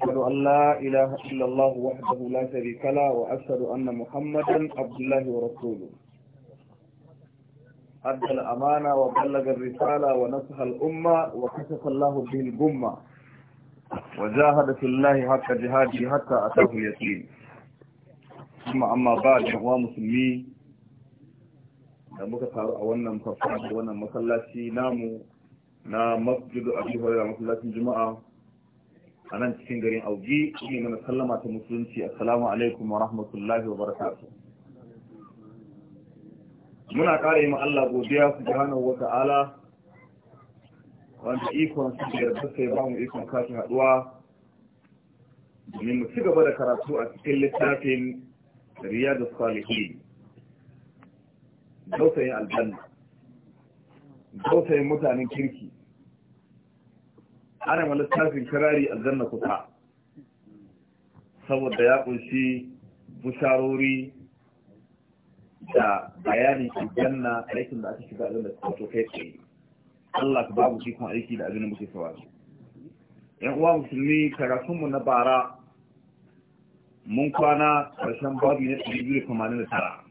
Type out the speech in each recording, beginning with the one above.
وأشهد أن لا إله إلا الله وحده لا شريك له وأشهد أن محمدا عبد الله ورسوله أدى الأمانة وبلغ الرسالة ونصح الأمة وكشف الله به الغمة وجاهد في الله حق جهاده حتى أتاه يسليم ثم أما بعد هو مسلمي da muka taru a wannan farfar da wannan masallaci namu na masjidu abu hurairah masallacin juma'a a nan cikin garin augi ne mana sallama ta musulunci assalamu alaikum wa rahmatullahi wa barakatu muna kare yi ma Allah godiya su subhanahu wa ala, wanda ikon su da yarda sai ba mu ikon kafin haɗuwa domin mu ci gaba da karatu a cikin littafin riyadu salihin dausayin aljanna dausayin mutanen kirki ana ma karari kirari zanna kusa saboda ya kunshi busharori da bayanin zanna aikin da aka shiga kusa to kai tsaye Allah ka babu shi kuma aiki da abin da muke saurari yan uwa musulmi karatunmu na bara mun kwana karshen babu na tara,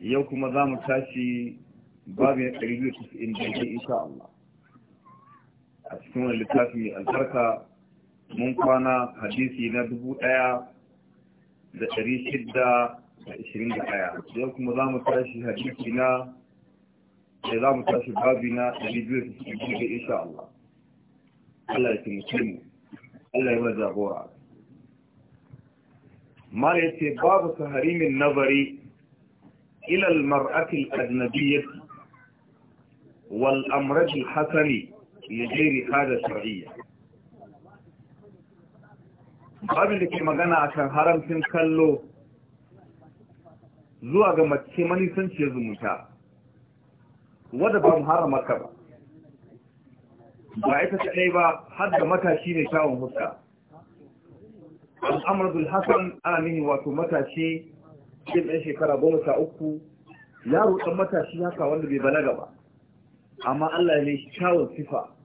yau kuma za mu tashi babu na ke insha Allah a cikin wani littafi mai albarka mun kwana hadisi na dubu ɗaya da ɗari shidda da ishirin da ɗaya yau kuma za mu tashi hadisi na da eh, za mu tashi babi na ɗari biyu da sittin da insha Allah Allah ya taimake mu Allah ya mana jagora ya ce babu saharimin nazari ila ilal marati al-ajnabiyyah wal amraj al-hasani لغير هذا الشرعية babin da ke magana akan haramcin kallo zuwa ga mace manisanciyar zumunta wadda ba mu harama ka ba ba ta ɗaya ba har da matashi ne shawon huska al'amurdul hassan ana nihin wato matashi cikin ɗan shekara goma sha uku yaro ɗan matashi haka wanda bai ba na gaba. amma allah ne shawon sifa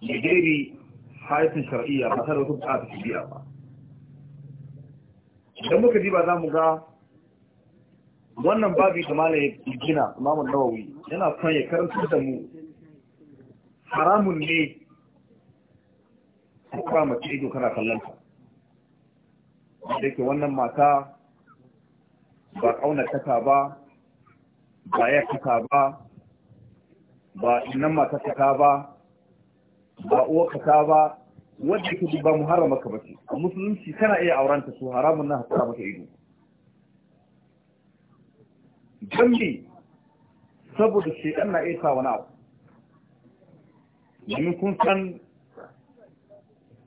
da gairi haifin shar'iyya ba tare da wata bukata shari'a ba idan muka diba za mu ga wannan babi da ya gina imamun nawawi yana son ya karanta da mu haramun ne a kwa mace ido kana kallonta da yake wannan mata ba ƙaunar ba ba ya kaka ba ba innan mata kaka ba ba uwarka ta ba wadda ke ba mu harama ka bace a musulunci kana iya auranta su haramun na hasara maka ido jambi saboda shekan na iya sawa wani abu domin kun san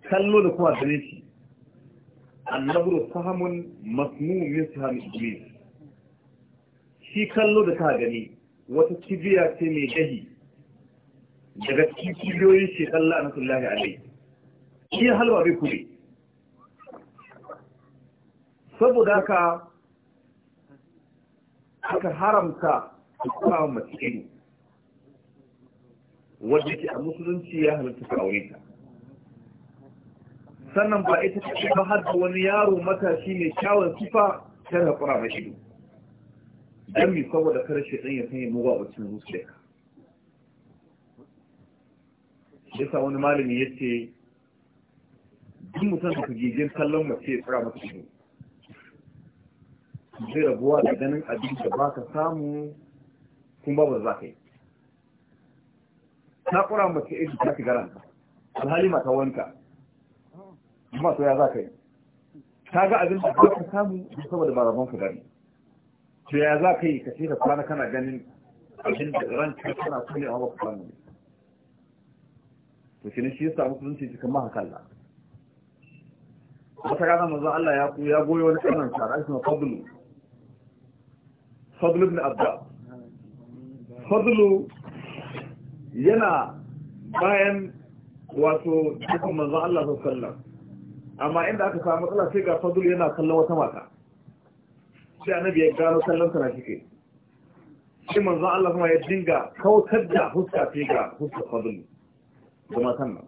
kallo da kuma gane shi annabru sahamun masmumin sahamun iblis shi kallo da ka gani wata kibiya ce mai gahi. daga cikin ce ce a na lahi alai shi halwa bai kure saboda haka aka haramta kuma mace ido wadda ke a musulunci ya halitta ka aure ta sannan ba ita ce ba har da wani yaro matashi mai kyawun sifa ta haƙura mai ido don mai saboda kar shi ɗan ya sanya mugu a wacin zuciya yasa wani malami ya ce duk mutum da kujijin kallon mace ya tsira masa ido zai rabuwa da ganin abin da ba ka samu kun ba za ka yi ta kura mace ido ta ki garanta alhali mata wanka amma to ya za ka yi ta ga abin da ba ka samu saboda ba rabon ka gani to ya za ka yi ka ce ka kwana kana ganin abin da ka kana kulle ba ka samu ne to kina shi yasa musulunci cikin mahakalla wata rana manzo Allah ya ku ya goyo wani kanan sa rashi na fadlu fadlu ibn abda fadlu yana bayan wato cikin manzo Allah sallallahu alaihi amma inda aka samu matsala sai ga fadlu yana kallon wata mata sai annabi ya gano sallan sa na kike sai manzon Allah kuma ya dinga kautar da huska sai ga huska fadlu da matan nan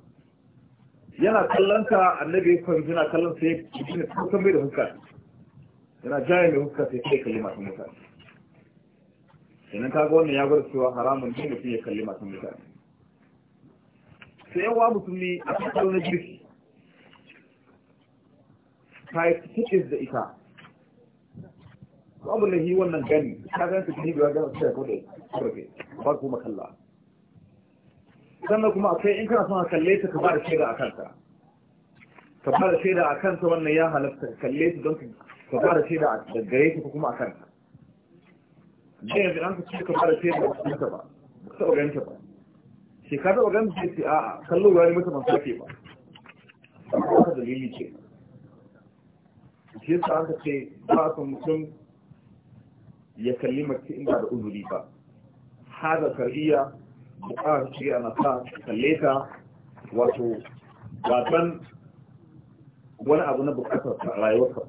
yana kallon ka annabi ya kwanci yana kallon sa ya ne kusan bai da huska yana jaya mai huska sai sai kalli masu mutane sannan kaga wannan ya gwada cewa haramun ne mutum ya kalli matan mutane sai yawa musulmi a cikin na girki ta yi tikis da ita babu yi wannan gani ta gani su gani biyar gana su da kodai kurbe ba kuma kalla sannan kuma akwai in kana son a kalle ta ka ba da shaida a kanta ka ba da shaida a kanta wannan ya halatta ka kalle ta don ka ba da shaida da gare ta ko kuma a kanta dan yanzu an ka ce ka ba da shaida a kanta ba ba taɓa ganta ba shi ka taɓa ganta ce ce a'a kallo ya yi mata ban sake ba amma ka dalili ce shi yasa an ka ce ba son mutum ya kalli mace in da uzuri ba hada kar'iya buƙar shi ana sa kalle ta wato gatan wani abu na buƙatar rayuwarsa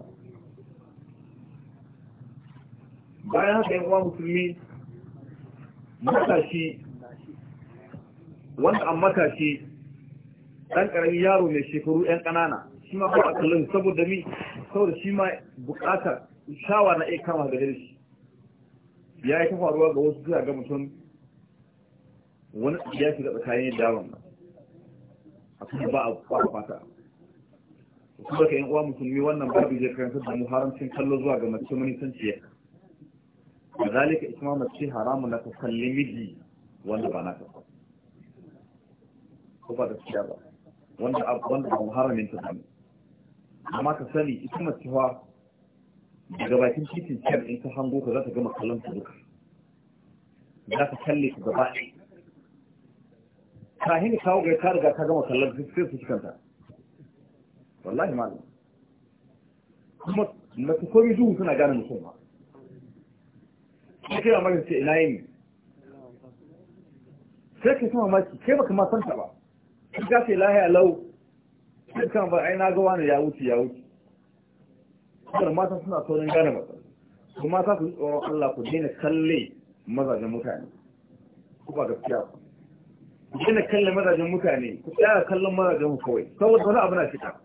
bayan haka yin uwa musulmi matashi wanda an matashi dan karami yaro mai shekaru 'yan kanana shi ma ba a kallon saboda mi saboda shi ma buƙatar shawa na iya kama da shi ya yi ta faruwa ga wasu zuwa ga mutum wani ya shiga tsakanin dawon a kuma ba a fata kuma ka yin uwa musulmi wannan babu zai kayan da mu haramcin kallo zuwa ga mace manisanciya a zalika isma mace haramun na ka kalli miji wanda ba na kafa ko ba da ciya ba wanda abu ba haramin ta zama amma ka sani ita mace fa daga bakin titin ciyar in ta hango ka za ta gama kallon ta duka za ta kalle ta gaba ɗaya kahin kawo ga ka riga ka gama kallon sai su cikanta wallahi malam kuma na su komi duhu suna gane mutum ba kai amma sai ina yi sai ka sama maki kai baka ma santa ba ka ga sai lahiya lau sai kan ba ai na ga wani ya wuce ya wuce kuma mata suna saurin gane ba kuma mata su tsoron Allah ku daina kalle mazajen mutane ku ba gaskiya ba gina daina kallon mazajen mutane ku tsaya kallon mazajen kawai saboda wani abu na fita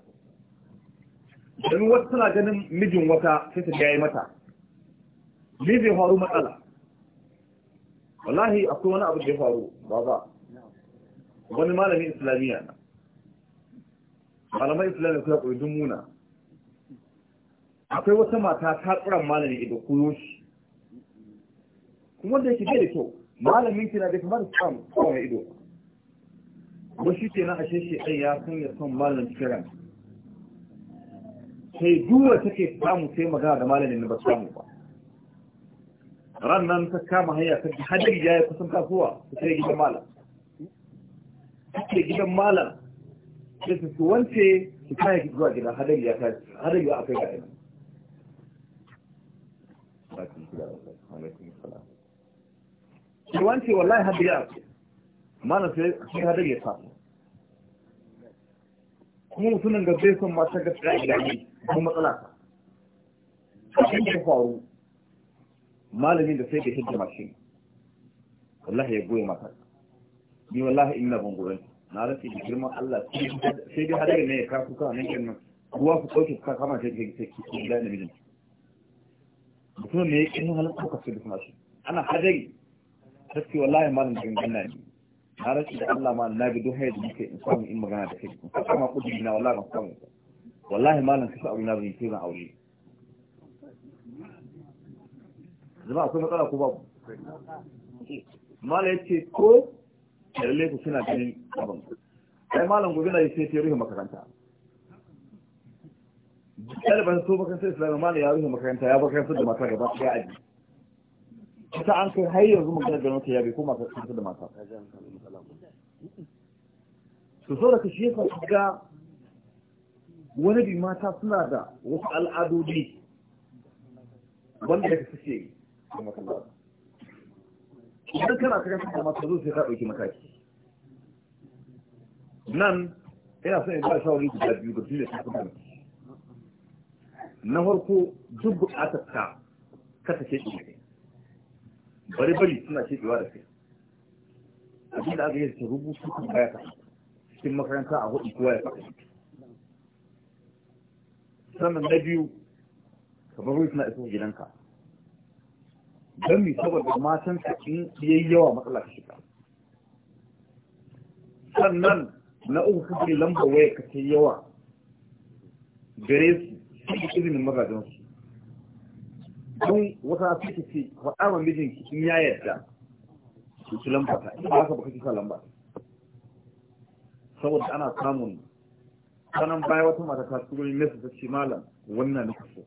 domin wasu suna ganin mijin wata sai su gaya mata ni faru matsala wallahi akwai wani abu da ya faru ba ba wani malamin islamiyya na malaman islamiyya suna ƙuridun muna akwai wata mata ta tsoron malamin ido koyo shi kuma da yake bai da kyau malamin na da kamar tsoron ido ko shi ke nan ashe shi ɗai ya san ya son malin kiran sai duwa take samu sai magana da malamin na ba samu ba rannan ta kama hanya ta hadari ya yi kusan kasuwa ta sai gidan malam ke gidan malam sai su wance su kaya zuwa gidan hadari ya kai hadari ya akai ga ina su wance wallahi hadari ya akai mana sai sun hada ya samu kuma mutumin da bai son mata gaskiya a gida ne kuma matsala ta shi ne faru malamin da sai da hidda mashi wallahi ya goye mata ni wallahi ina ban goyon na rasu da girman Allah sai dai hadari ne ya kafu kan nan kin ruwa ku ɗauke ka kama sai ki sai ki gida da mijin mutumin ne ya kin halin kuka sai da kuma shi ana hadari sai wallahi malamin gangan ne na rashi da Allah ma na bi duhai da muke in samu in magana da kai in saka kudi na wallahi ban samu wallahi malam kasa abu na bai ce zan aure zama akwai matsala ko babu malam ya ce ko lalle ku suna ganin abin Sai malam gobe na yace sai rufe makaranta ɗaliban so sai islamu malam ya rufe makaranta ya makarantar da mata gaba ɗaya aji ita an kai har yanzu magana ganin ta ya bai koma ta da mata su so da ka shi ga wani bi mata suna da wasu al'adodi wanda da suke yi da matsala idan kana cikin kasa mata zo sai ka ɗauki mataki nan ina son in ba wani guda biyu ga duniya ta kuma na farko duk buƙatar ka ka take ɗin bari bari suna kebewa da kai da aka yi da rubutu kan baya ka cikin makaranta a hudu kowa ya faɗi sannan na biyu kamar ruwa suna isa gidanka don mi saboda matan ka in yi yawa matsala ka shiga sannan na uku kuma lambar waya ka ce yawa gare su cikin izinin mazajensu don wata suke ce faɗa wa mijinki in ya yarda su ci lamba ta ina haka baka kisa lamba saboda ana samun sanan baya wata mata ta turo ne nesa ta ce malam wannan na so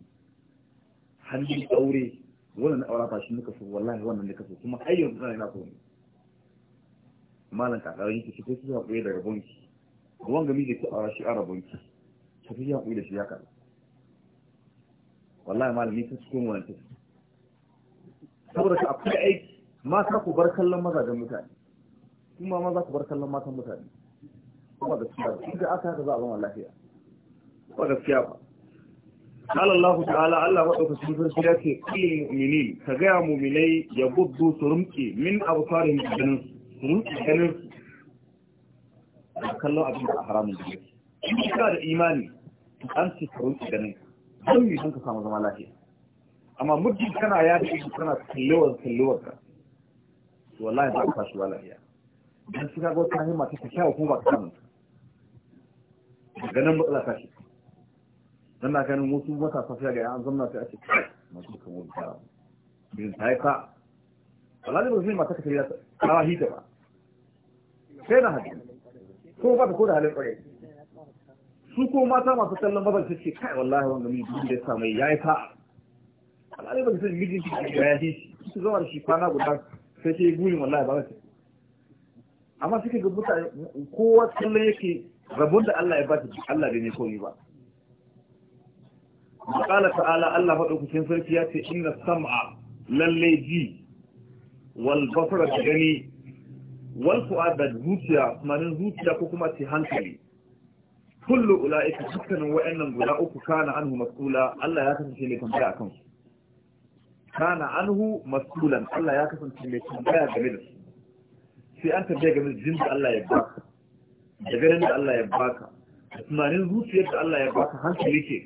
hannun aure wannan aura ba shi nika so wallahi wannan na so kuma har yanzu zan yi so ne malam kakarar yake ce ko su haƙuri da rabonki ruwan gami da ke aura shi a rabonki yi haƙuri da shi ya kalla wallahi malami sun cikin wani saboda ka akwai aiki mata ku bar kallon mazajen mutane kuma maza ku bar kallon matan mutane kuma gaskiya ba inda aka haka za a zama lafiya ba gaskiya ba قال الله تعالى الله وقف سنفر سياتي كل المؤمنين كغير مؤمني يبضوا سرمكي من أبصارهم الجنس سرمكي الجنس كالله أبنى أحرام الجنس إذا كان إيماني أنت سرمكي الجنس don yi don ka samu zama lafiya amma muddin kana ya da ido kana kallewar kallewar ka to wallahi ba ka shiwa lafiya dan su ga wata himma ta ta kyawu kuma ba ka samu daga nan matsala ka shi dan na ganin wasu mata sai ga an zamna sai a ce masu kamar da bin ta yi ka wallahi ba zai mata ka tariya ta hita ba sai na hadin ko ba ta ko da halin kwarai su ko mata masu kallon mazan ta ce kai wallahi wanda mai duk da ya samu ya yi fa'a al'adai ba ta san mijin ki da ya yi su zama da shi kwana guda sai ce guri wallahi ba ta amma suka ga mutane kowa kallon yake rabon da Allah ya ba ta Allah bai ne komi ba Maƙala ta'ala Allah faɗo maɗaukacin sarki ya ce inna sam'a lallai ji wal basara da gani wal fu'ada zuciya tunanin zuciya ko kuma ce hankali kullu ula'ika dukkanin wa'annan guda uku kana anhu mas'ula Allah ya kasance mai tambaya akan su kana anhu mas'ulan Allah ya kasance mai tambaya game da su sai an tambaya game da jinda Allah ya baka da ganin da Allah ya baka da tunanin zuciyar da Allah ya baka hankali ke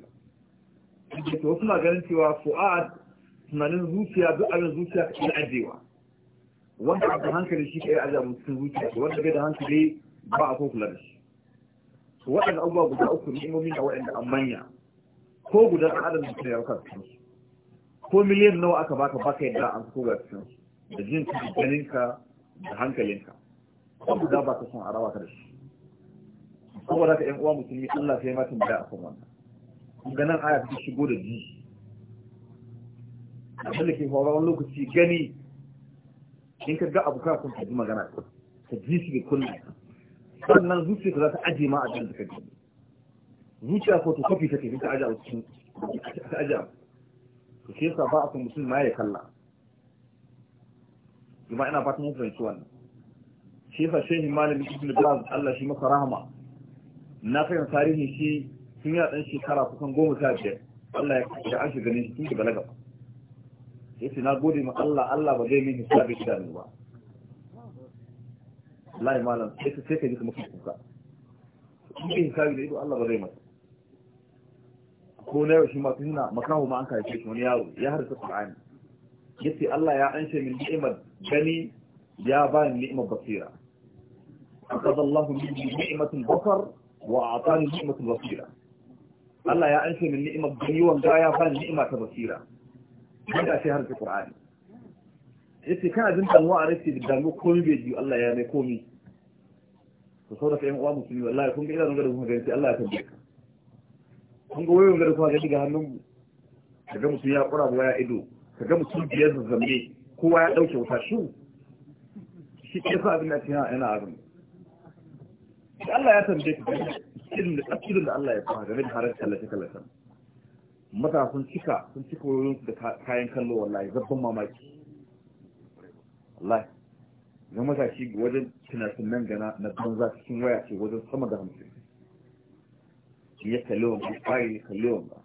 da to wasu na ganin cewa fu'ad tunanin zuciya duk abin zuciya ka iya ajewa wanda da hankali shi ka yi ajiyar mutum zuciya wanda bai da hankali ba a kokula da shi waɗanda abubuwa guda uku ni'imomi na waɗanda an manya ko guda ɗan adam da ya rauka cikin ko miliyan nawa aka baka baka yadda an fito ga cikin da jin ka ganinka da hankalinka ko guda ba ka son a rawa ka da shi saboda ka ƴan uwa musulmi Allah sai ma tambaya a kan wannan ga nan aya ta shigo da ji abin da ke faruwa wani lokaci gani in ka ga abu kafin ka ji magana ka ji shi da kullum sannan zuciya za ta aje ma a cikin da kake zuciya ko to kofi take ta aje a cikin ta aje to shi yasa ba a mutum ma ya kalla kuma ina fatan mun fahimci wannan shi yasa shehi malami ibn baz Allah shi masa rahama na fahimta tarihi shi tun yana dan shekara kusan goma sha biyar Allah ya kashe an shi ganin shi tun da balaga ba yace na gode ma Allah Allah ba zai min hisabi da ba wallahi malam sai sai ka ji kuma kuka in kin kai da ido Allah ba zai masa ko na yau shi ma tuna makaho ma an kai shi wani yaro ya harsa Qur'ani yace Allah ya anshe min ni'imar gani ya ba ni ni'imar basira أخذ الله مني نعمة البصر وأعطاني نعمة البصيرة الله يا أنشي من نعمة الدنيا وانجايا فان نعمة بصيرة هذا شيء هذا القرآن إذا كان أنت أنواع رأسي بالدنيا كومي بيجي الله يا مكومي Ka saboda ka yan uwa musulmi wallahi kun ga idanun gada kuma gani sai Allah ya tambaye ka kun ga wayoyin gada kuma ga diga hannun mu ga mutum ya kura ba ya ido ka ga mutum biyar da zambe kowa ya dauke wuta shu shi ke sa abin da ke yana azumi Allah ya tambaye ka irin da tsakirin da Allah ya fara game da harar tallace tallace mata sun cika sun cika wurin da kayan kallo wallahi zabban mamaki wallahi na matashi wajen tunatunan gana na banza cikin waya ce wajen sama da hamsin ya kalli wanga bayan ya kalli wanga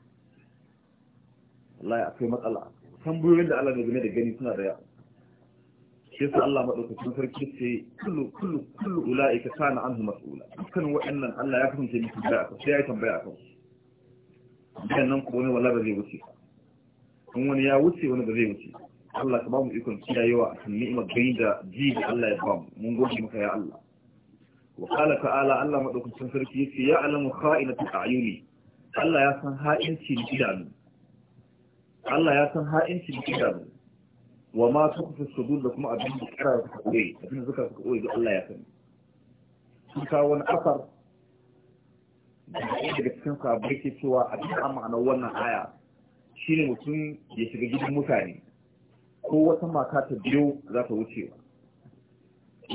wallahi akwai matsala tambayoyin da Allah ne game da gani suna da yawa shi yasa Allah madaukakin sarki ce kullu kullu kullu ulaika kana anhu mas'ula dukkan wa'annan Allah ya kasance musu da aka sai ya tambaya akan su nan ko wani wallahi ba zai wuce in wani ya wuce wani ba zai wuce Allah ka ba mu ikon kiyayewa kan ni'imar gani da ji da Allah ya ba mu mun gode maka ya Allah wa qala ta'ala Allah madaukakin sarki yace ya alamu kha'inatul a'yuni Allah ya san ha'inci da idanu Allah ya san ha'inci da idanu wa ma tukfi sudur da kuma abin da kira suka koyi abin da suka koyi da Allah ya san sun kawo wani asar daga cikin sahabbai ke cewa abin da ma'anar wannan aya shine mutum ya shiga gidan mutane ko wata mata ta biyo za ta wuce ba.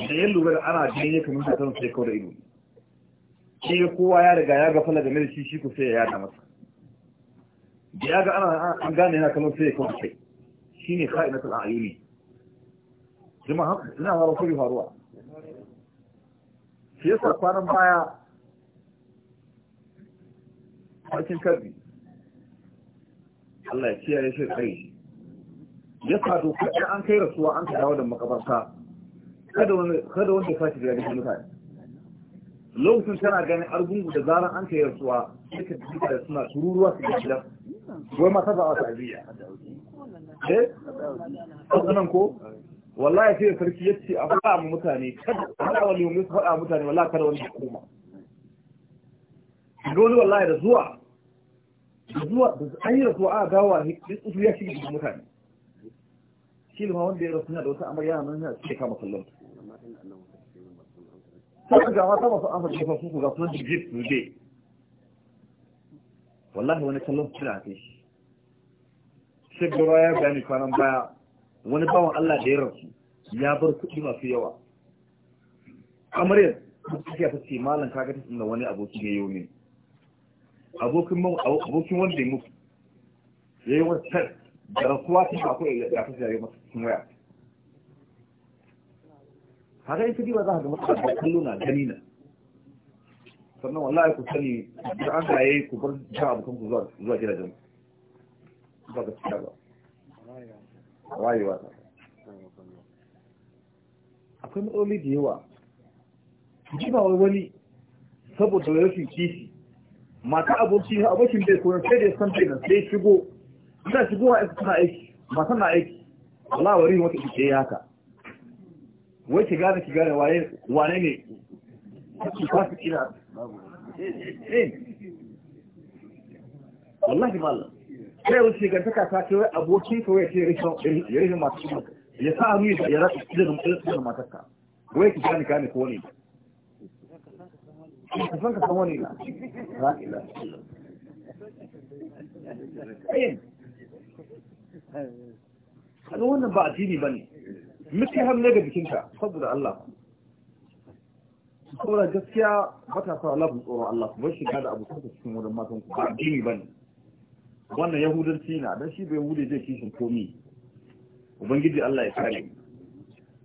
da yin lura da ana janye kamar ta tana sai kawai da ido shi ga kowa ya riga ya gafala game da shi shi ku sai ya yada masa da ya ga ana an gane yana kamar sai ya kawai kai shi ne ka'ina ta al'ayuni jama'a haka ina faruwa kuri faruwa shi yasa kwanan baya harkin karbi Allah ya kiyaye shi tsaye ya fato kaɗan an kai rasuwa an ka dawo da makabarta kada wanda ya fashi da yadda mutane lokacin tana ganin argungu da zarar an kai rasuwa suka duka da suna tururuwa su ga gida wai ma ta ba wa ta'aziyya eh sanan ko wallahi sai sarki ya ce a faɗa mu mutane kada kada wani su faɗa mutane wallahi kada wani ya koma dole wallahi da zuwa da zuwa da an yi rasuwa a gawa ne ya shige mutane shi ma wanda ya rasu na da wasu amarya nan na suke kama kallon sai ga mata masu amfani da su ga sunan jirgin su dai wallahi wani kallon suna kai shi ga raya ya bayani kwanan baya wani bawan Allah da ya rasu ya bar kuɗi masu yawa amaryar suke ta ce malam kaga ta tunda wani aboki ne yau ne abokin wanda ya mutu ya yi wani test da rasuwa sun ba ko ya fi zare masu cikin waya haka in kudi ba za ka ga masu da kallo na gani na sannan wallahi ku sani da an ga yayi ku bar jan abokan ku zuwa zuwa gidajen ba ga cikin ba wayewa ta akwai matsaloli da yawa ji ba wani saboda rashin kishi mata abokin abokin bai koyon sai da ya san bai nan sai shigo ina shigowa aiki tana aiki ba na aiki Allah wari wata ke ya haka wai ki gane ki gane waye wane ne ki fasu ina eh. wallahi mallam sai wani ga taka ta ce wai abokin ka wai ce ya rishin masu kuma ya sa hannu ya rasa idan idan matarka wai ki gane gane ko ne ka san ka san wani na ra'ila kaga wannan ba addini bane ya har ne ga bikinka saboda Allah saboda gaskiya matasa Allah ku tsoro Allah ku bar shiga da abu kuka cikin wurin matan ku ba addini bane wannan yahudanci na dan shi bai wude zai kishin komi ubangiji Allah ya kare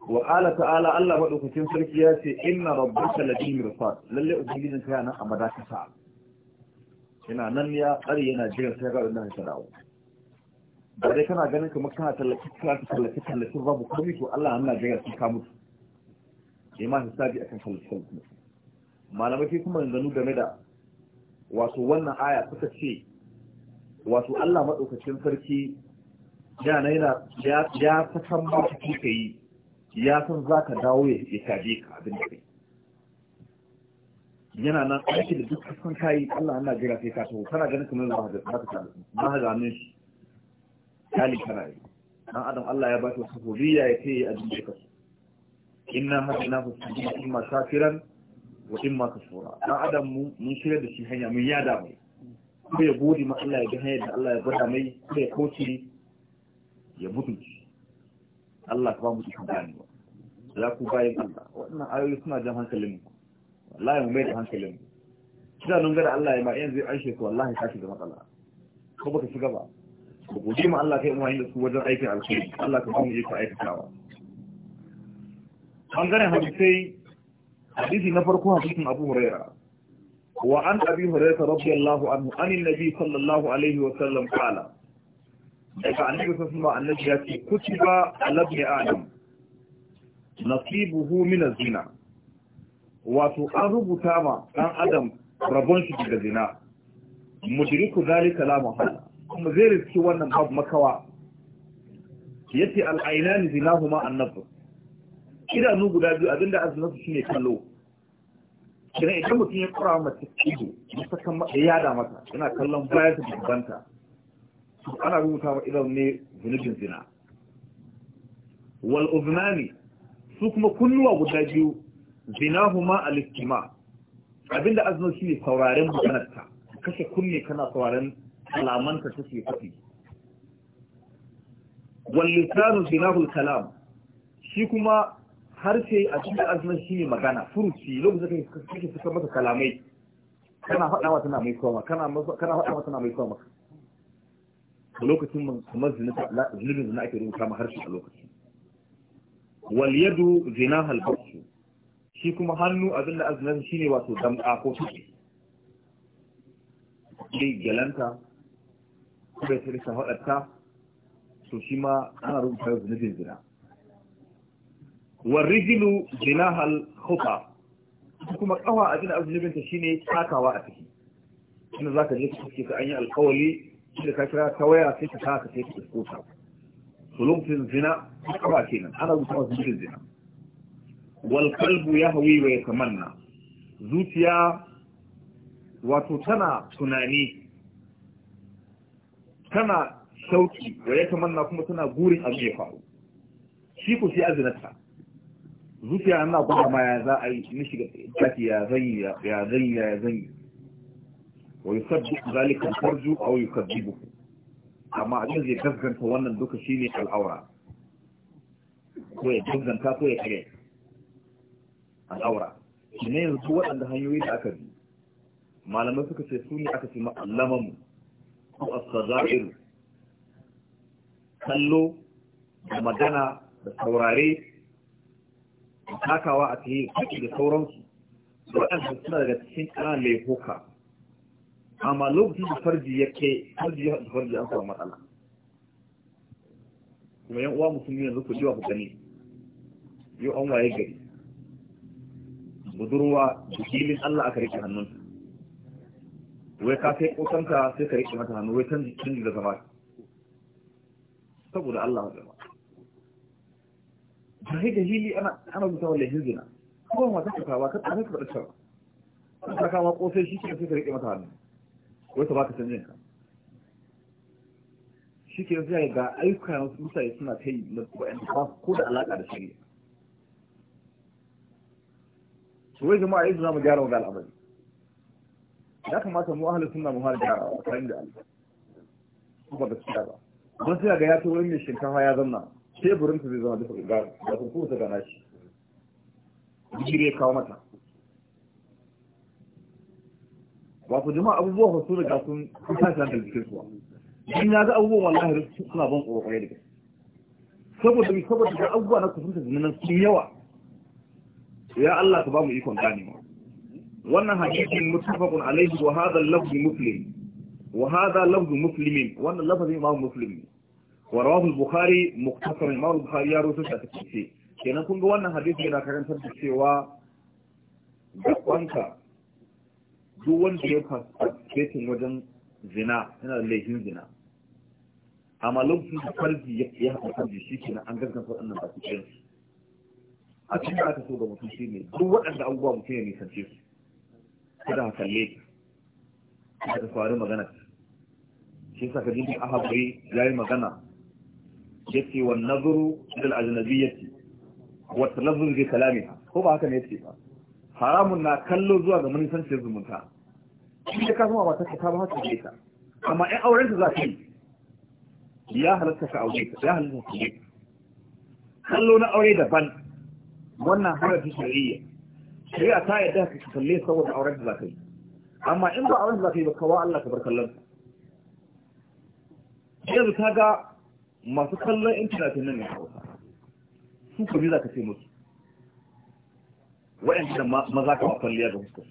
wa qala ta'ala Allah madaukakin sarki ya ce inna rabbaka ladin mirsad lalle ubangijin ka yana a madaka sa Ina nan ya kare yana jira sai ga wannan sarawa ba dai kana ganin kamar kana tallafi kana tallafi tallafi babu komai to Allah Allah ya ga ka mutu sai ma hisabi akan tallafi tallafi malamai sai kuma zanu game da wato wannan aya suka ce wato Allah madaukakin sarki ya na yana ya sakan ba ka kika yi ya san za ka dawo ya tabe ka abin da kai yana nan aiki da duk kasan kayi Allah Allah jira sai ka to kana ganin kamar ba ka ba ka ba ka ganin shi kali karai dan adam Allah ya ba shi wasu huriya ya kai a da kasu inna hadina fi sabili imma safiran wa imma kasura dan adam mu mun shirya da shi hanya mun yada mai ko ya gode ma Allah ya ga hanyar da Allah ya gwada mai ko ya kauce ya mutunci Allah ka ba mu ikon ganewa za ku bayan Allah waɗannan ayoyi suna jan hankalin mu wallahi mu mai da hankalin mu kina nan gara Allah ya ma yanzu an shi wallahi ka shiga matsala ko baka shiga ba ku gode ma Allah kai umarni da su wajen aikin alkhairi Allah ka kuma yi ku aikatawa bangaren hadisai hadisi na farko hadisin Abu Huraira wa an Abi Huraira radiyallahu anhu an annabi sallallahu alaihi wa sallam qala daga annabi sallallahu alaihi ya ce kutiba ala ibn adam nasibuhu min az-zina wato an rubuta ma ɗan adam rabon shi daga zina mudriku zalika la mahala kuma zai riski wannan babu makawa yace al'ainan zinahuma Annabu. idanu guda biyu abinda azumin su shine kallo kira idan mutum ya kura mace ido musakan ya yada mata yana kallon bayan su bambanta ana rubuta wa idan ne zunubin zina wal uznani su kuma kunnuwa guda biyu zinahuma al-istima abinda azumin shine sauraren maganarta kashe kunne kana sauraren kalamanta take faɗi wallisanu binahul kalam shi kuma harshe a cikin azumin shi ne magana furuci lokacin da kake suka masa kalamai kana faɗa wa tana mai koma kana faɗa wa tana mai koma lokacin mun kamar zinubin zina ake rubuta ma harshe a lokacin wal yadu zina halbarsu, shi kuma hannu abin da azumin shi ne wato damɗa ko suke. dai galanta ko da sai shahadarta to shi ma ana rubuta zunubin zina warrijilu jinahal khufa kuma kawa abin azunubin ta shine takawa a ciki za zaka je ka kike an yi alƙawari da ka kira ta waya sai ka taka sai ka kota to zina kawa kenan ana rubuta zunubin zina wal qalbu yahwi wa yatamanna zuciya wato tana tunani tana sauki wa ya tamanna kuma tana gurin abin ya faru shi ku sai azinata zuciya na kuma ma ya za a yi ni shiga tafi ya zanyi ya zanyi ya zanyi wa sabbi zalika farju aw yukadibu amma abin zai gaskanta wannan duka shine al'aura ko ya gaskanta ko ya kare al'aura shi ne yanzu waɗanda hanyoyi da aka bi malamai suka ce su ne aka ce ma'allamamu ko as-sazair kallo da madana, da saurare da takawa a cikin haƙi da sauransu da waɗanda suna daga cikin ƙana laifuka amma lokacin da farji ya ke farji ya haɗu farji an samu matsala kuma yan uwa musulmi yanzu ku jiwa ku gani yau an waye gari budurwa da filin Allah aka rike hannunsa wai ka kai kokanka sai ka rike mata hannu wai canji canji daga ba saboda Allah ya zama jahi hili ana ana mutuwa wallahi hinzina ko ma ta kawa ka ta ka fadar ba ka kawo kosai shi ke sai ka rike mata hannu wai ta baka canjin ka shi ke zai ga ayyuka na sai suna na yi ba ko da alaka da shari'a. Wai jama'a yanzu za mu gyara wa al'amari. ya kamata mu ahalin suna mu hada da kayan da Allah ba gaskiya ba don sai ga ya to wani mai shinkafa ya zanna teburin ta zai zama duka ga ga kuma ta nashi Jirgin ya kawo mata ku jama'a abubuwa ba su riga sun tashi hankali cikin suwa in ya ga abubuwan wallahi suna ban tsoro kwaye da saboda mi saboda ga abubuwa na kusurta zinanan sun yawa ya Allah ka ba mu ikon ganewa wannan hakikin mutafaqun alaihi wa hadha al-lafz muslim wa hadha lafz muslim wannan lafazin imam muslim wa rawahu al-bukhari muktasar imam al-bukhari ya rusu ta tace kenan kun ga wannan hadisi yana karantar da cewa wanka duk wanda ya fasfetin wajen zina yana da laifin zina amma lokacin da farji ya haɗa farji shi kenan an gaskanta waɗannan basu a cikin aka so ga mutum shi ne duk waɗanda abubuwa mutum ya nisance su kada ka kalle ka ka faru magana shi yasa ka jinta bai yayi magana yace wan nazru lil ajnabiyyati wa talazzuz bi kalamiha ko ba haka ne yace ba haramun na kallo zuwa ga manisancin zumunta shi ka kuma ba ta ba haka ne ta amma ɗan auren ta za ka yi ya halatta ka aure ta ya halatta ka kallo na aure daban wannan halatta shari'a shari'a ta yadda ka kalle saboda auren da za ka yi amma in ba auren da za ka yi ba kawo Allah ka bar kallon yanzu ta ga masu kallon intanet nan ne hausa su kuri za ka ce musu waɗanda maza ka kwalliya ga hukumar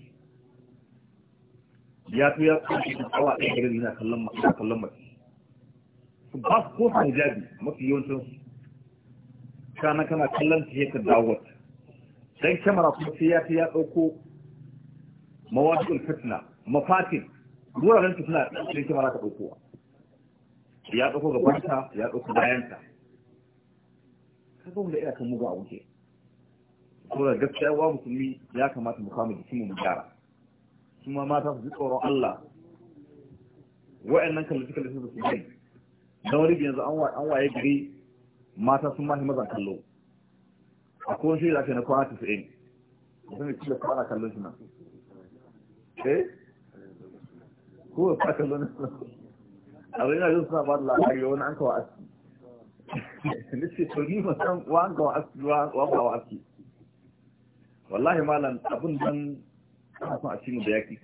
ya fi ya kwanci da tsawa ɗaya gari na kallon masu kallon mace su ba su kofa hijabi mafi yawancin su kana kana kallon ta yake dawo wata dan kyamara kuma sai ya ya ɗauko mawaƙin fitna mafatin wuraren fitna dan kyamara ta dauko ya ɗauko gabanta ya ɗauko bayanta ka ga wanda kan muga a wuce saboda gaskiya wa musulmi ya kamata mu kama jikinmu mu gyara kuma mata su ji tsoron Allah wa'annan kan kallaci su su yi don wani yanzu an waye gari mata sun mahi mazan kallo a kowane shi da ake na kwana 90 mutum da kila fara kallon shi nan eh kowa fara kallon shi nan a wani na suna ba da la'akari wani an kawo aski nace to ni ma san wa an kawo aski wa an kawo aski wallahi malam abin dan ana son a cikin da yaki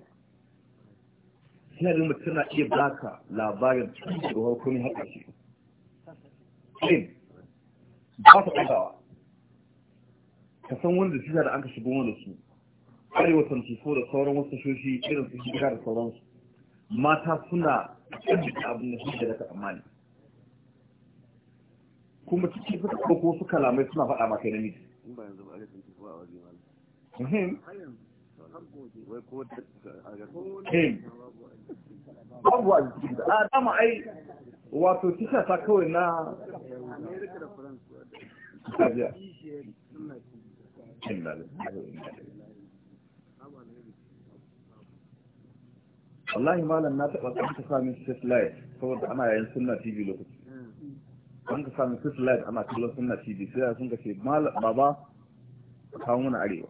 sinarin mutum tana iya baka labarin cikin da hukumin haka shi ba su ɗagawa ka san wanda jiha da an ka shigo wanda su arewa 24 da sauran wasu shoshi irin su shiga da sauransu mata suna ƙarfi abin da shi da ka tsammani kuma cikin suka ɗauko su kalamai suna faɗa maka yana miji. Babu a jikin da a dama ai wato tisha ta kawai na wallahi malam na taɓa kan ka sami sit light saboda ana yayin sunna tv lokaci Kan ka sami sit light ana kallon sunna tv sai sun ka ce malam baba kawo mana arewa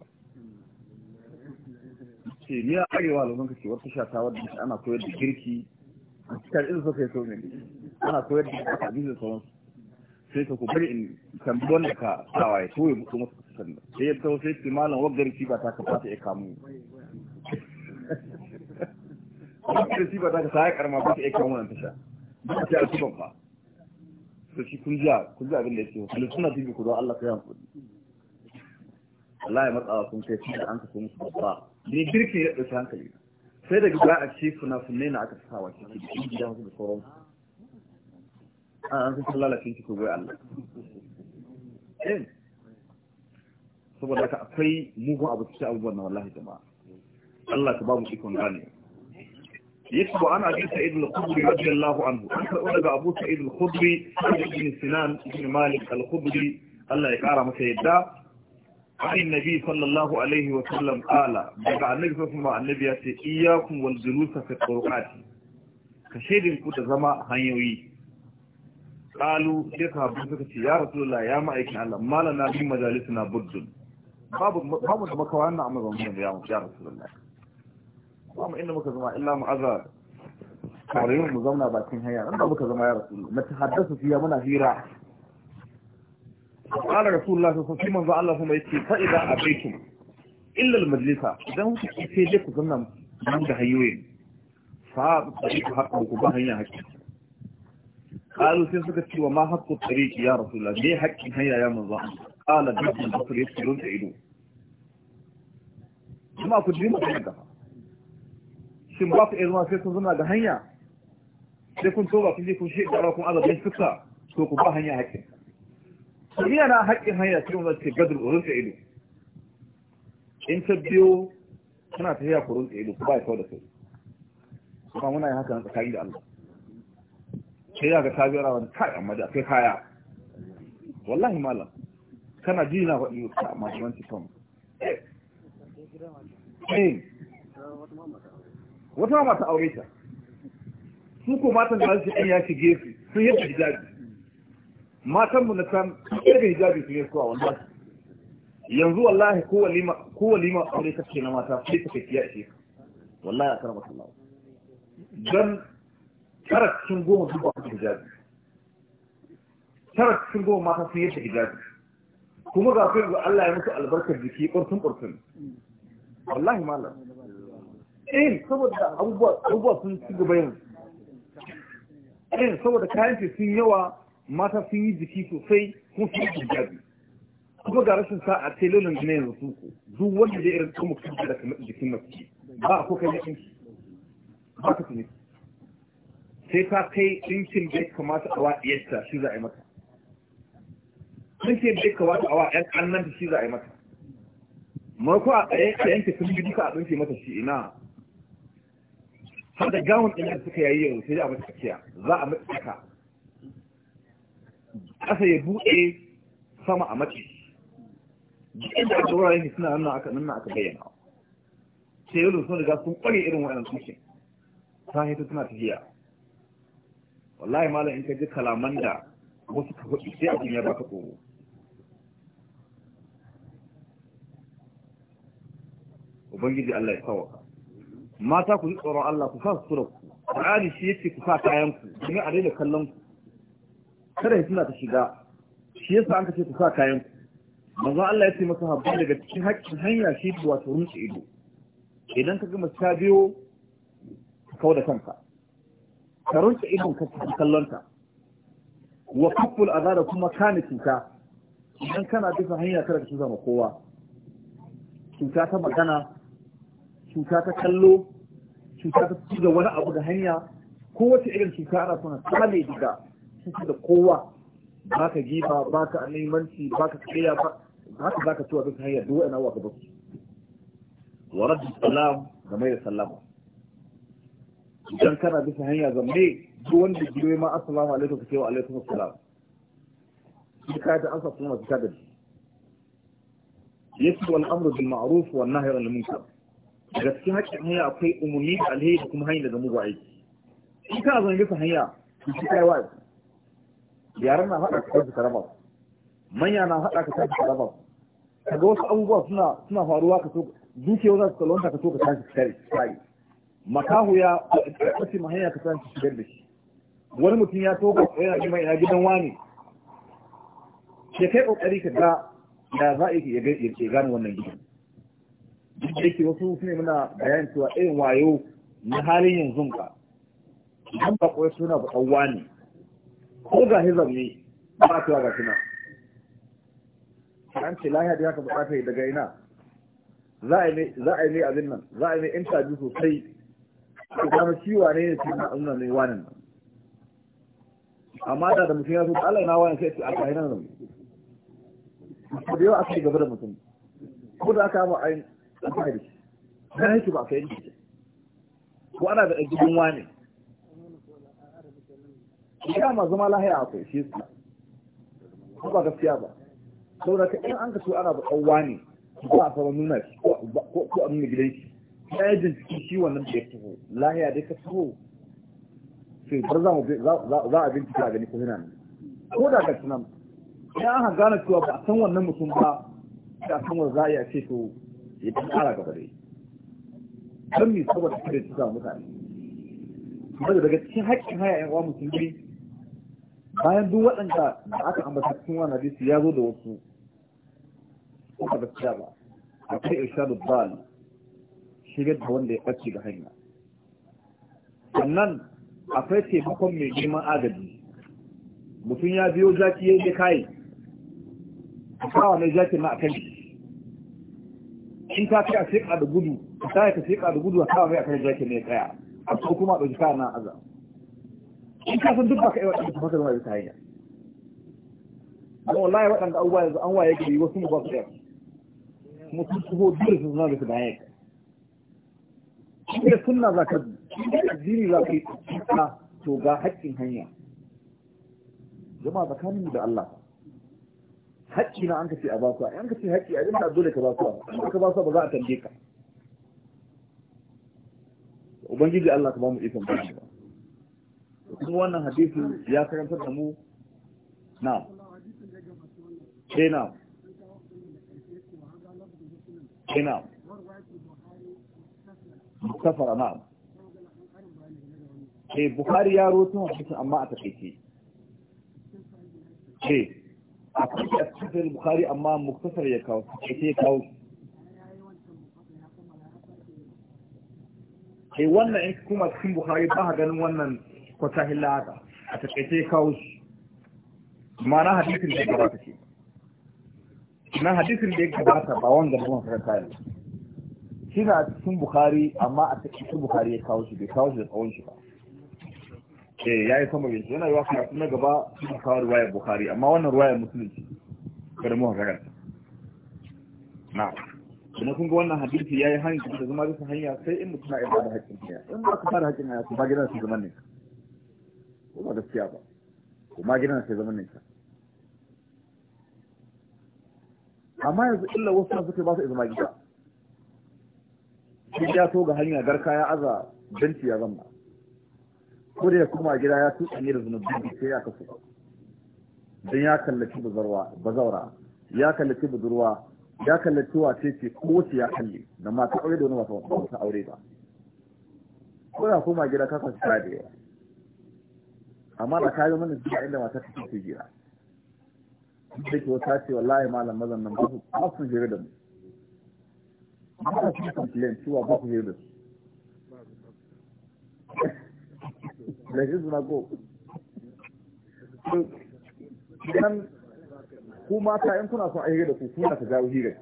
ce ni a arewa lokacin ka ce wata shata wadda ana koyar da girki a cikin irin sosai so ne ana koyar da abin da sauransu sai ka ku bari in tambi wanda ka sawa ya toye mutu mutu sannan sai ya tawo sai malam waggar ba ta ka fata ya kamu waggar ba ta ka sa'a karma ba ta ya kamu nan tasha ba ta ya tuban ba to shi kun ji kun ji abin da yake kullu suna tibi ku don Allah ka yi hankali Allah ya matsawa sun kai shi da an ka so musu babba ne birkin ya ɗauki hankali sai da gida a ce suna finai na aka sawa ciki da inji da da an an sun lalace shi ko bai Allah saboda ka akwai mugun abu cikin abubuwan na wallahi jama'a Allah ka babu ikon gane yace ba ana jin sa'id al-khudri radiyallahu anhu an karɓo daga abu sa'id al-khudri ibn sinan ibn malik al Allah ya kara masa yadda عن النبي صلى annabi عليه annabi قال بعد النبي صلى الله عليه وسلم إياكم والجلوس في الطرقات كشير كنت زماء هنيوي قالوا يا صحابي يا رسول الله يا ما إكنا الله ما لنا في مجالسنا بجل babu babu da makawa na amma zan da ya mu ya rasulullah ba mu inda muka zama illa mu azza kare mu zauna bakin hanya inda muka zama ya rasulullah na tahaddasu fiya muna hira قال رسول الله صلى الله عليه وسلم الله kuma yace fa idza abaitum illa al majlisa idan ku ce dai ku zanna nan da hayoyi fa ku hakku ku ba hanya hakki قالوا sai suka ce wa ma hakku tariqi ya rasulullah me hakkin hanya ya manzo Allah قال الدين البصر ido kuma ku كنت da تنقفها shin ba ku iya sai kun zama ga hanya sai kun toba kun je kun shi da kun azabin suka to ku ba hanya haƙƙin Sai ina na haƙƙin hanya sai mun ce gadar urun da ido in ta biyo kana tafiya ku urun ido ku ba ya kawo da kai kuma muna yin haka na tsakani da Allah sai ya ga ta biyar wani kai amma da akwai kaya wallahi malam kana ji na faɗi a masuwanci tom eh. Eh. wata mata aure ta su ko matan da zai ɗan yaki gefe sun yadda hijabi matan mu na san yadda hijabi sun yi suwa wanda yanzu wallahi ko walima aure ta ce na mata sai ta kiyaye ce wallahi a karɓar Allah don tara cikin goma su ba su hijabi tara cikin goma mata sun yadda hijabi kuma ga kai ga Allah ya musu albarkar jiki ƙurtun ƙurtun wallahi malam eh saboda abubuwa sun ci gaba yanzu eh saboda kayan ce sun yawa mata sun yi jiki sosai kuma sun yi jabi kuma ga rashin sa a ce lolin gina yanzu su ku duk wanda zai irin kuma kuma da kamar jikin mace ba a kuka yakin ba ka tuni sai ta kai ɗinkin da ya kamata a wa ɗiyarta shi za a yi mata mulkin da ya kamata a wa ‘yan annan da shi za a yi mata mako a tsaye ka yanke sun bi duka a ɗauke mata shi ina har da gawon ɗin da suka yayi yau sai a mata tsakiya za a mata tsaka ƙasa ya buɗe sama a mace duk da aka wurare suna nan aka nan aka bayyana sai yau sun riga sun ƙware irin wannan tushen ta hito suna tafiya wallahi malam in ka ji kalaman da wasu ka hudu sai a ya baka tsoro ubangiji Allah ya sawaka mata ku ji tsoron Allah ku sa sutura ku Qur'ani shi yake ku sa kayan ku kuma a daina kallon ku kada suna ta shiga shi yasa an ce ku sa kayan ku manzo Allah ya ce masa habbi daga cikin hakkin hanya shi wato rumtsi ido idan ka gama ta biyo ka kawo da kanka ka rumtsi idon ka kallon ta wa kaful azara kuma kane cuta idan kana bisa hanya kada ka cuta zama kowa cuta ta magana cuta ta kallo cuta ta ci da wani abu da hanya kowace irin cuta ana suna kame daga cuta da kowa ba ka giba ba ka nemanci ba ka tsaya ba ka za ka ci wa duk hanyar duk wa'ina wa gaba su wa rabbi salam da mai da sallama idan kana bisa hanya zamme duk wanda biyo ma assalamu alaikum ka ce wa alaikum assalam shi ka ta ansa kuma ta da yace wal amru bil ma'ruf wan nahyi anil munkar daga cikin haƙƙin hanya akwai umumi da alheri da kuma hanyar da mugu aiki in ka zan rufe hanya su ci kai wa yaran na haɗa ka kansu karama manya na haɗa ka kansu karama kaga wasu abubuwa suna suna faruwa ka so dukiyar za su salonta ka so ka tashi kare kare makahu ya ƙarfi ma hanya ka tashi shigar da shi wani mutum ya toka yana neman ina gidan wani ke kai ƙoƙari ka ga da za a yi ya gane wannan gidan duk da yake wasu sune ne muna bayan cewa irin wayo na halin yanzu ka idan ba kuwa suna ba ɗauwa ne ko ga hizar ne ba cewa ga suna an ce lahiya da ya ta yi daga ina za a yi ne abin nan za a yi mai interview sosai ko kuma ciwa ne ne suna nuna mai wani nan amma da da mutum ya zo Allah na wani sai a kai nan nan ko da yawa aka gaba da mutum ko da aka yi an da shi na da ko wani ya ma zama lahaya akwai shi su ko ba gaskiya ba saboda ka in an ka so ana da kawwa ne ko a fara nuna shi ko a nuna gidan shi ya yi jinsiki shi wannan da ya taho lahiya dai ka taho sai bar za a bincika a gani ko yana nan ko da ga nan? ya aka gane cewa ba a san wannan mutum ba da san wanda za a iya ce to ya ta kara gaba dai don mi saboda kare su samu mutane kuma daga cikin haƙƙin haya yan uwa musulmi bayan duk waɗanda da aka ambata cikin wannan hadisi ya zo da wasu ko ba gaskiya ba akwai irshadu bal shigar da wanda ya ɓace ga hanya sannan akwai taimakon mai girman agaji mutum ya biyo zaki ya yi kayi a kawo mai zaki ma a kan shi in ka kai a sheƙa da gudu ka sa ka sheƙa da gudu a kawo mai a kan jakin ne tsaya a ko kuma a ɗauki kayan nan aza in ka san duk ba ka yi waɗanda kuma ka zama da ta hanya don wallahi waɗanda abubuwa yanzu an waye gari wasu mu ba su ɗaya kuma sun tuho dole su zama da su da hanyar inda sunna za ka inda addini za ka yi to ga haƙƙin hanya jama'a tsakaninmu da Allah haƙƙi na an ka ce a basu an ka ce haƙƙi A ina dole ka basuwa an ka basuwa ba za a tambaye ka ubangiji Allah ka ba mu ikon ba kuma wannan hadisi ya karantar da mu na ke eh, na ke eh, na mustafa na ke eh, buhari ya rotu hadisin amma a takaice ke a cikin a cikin bukari amma muktasar ya kawo sai ya kawo kai wannan in kuma cikin bukari ba ha ganin wannan kwata hillaka a takaice ya kawo shi ma'ana hadisin da ya gabata ce na hadisin da ya gabata ba wanda da wani karanta yanzu shi na cikin bukari amma a cikin bukari ya kawo shi bai kawo shi da tsawon shi ba eh yi sama yanzu yana yi masu na gaba na kawo ruwayar bukari amma wannan ruwayar musulunci kada mu haka na kuma kun ga wannan hadisi hanyar hanya da zama bisa hanya sai in mutum na iya bada haƙƙin haya in ba ka fara haƙƙin haya ba gidan su zama ne ko ba gaskiya ba kuma gidan su zama ne amma yanzu illa wasu suke ba su izama gida shi ya to ga hanya garka ya aza benci ya zama ko da ya koma gida ya tuka ne da zunubin sai ya kafu don ya kallaci bazaura ya kallaci budurwa ya kallaci wace ce ko wace ya kalli da mata aure da wani ba ta aure ba ko da koma gida ka kwashi da yawa amma da kayan mana zuwa inda mata ta kace gida da ke wata ce wallahi malam mazan nan ba su jere da mu ba su complain cewa ba su jira da su rashin suna ko ku mata in kuna son a hira da ku kuna ta jawo hira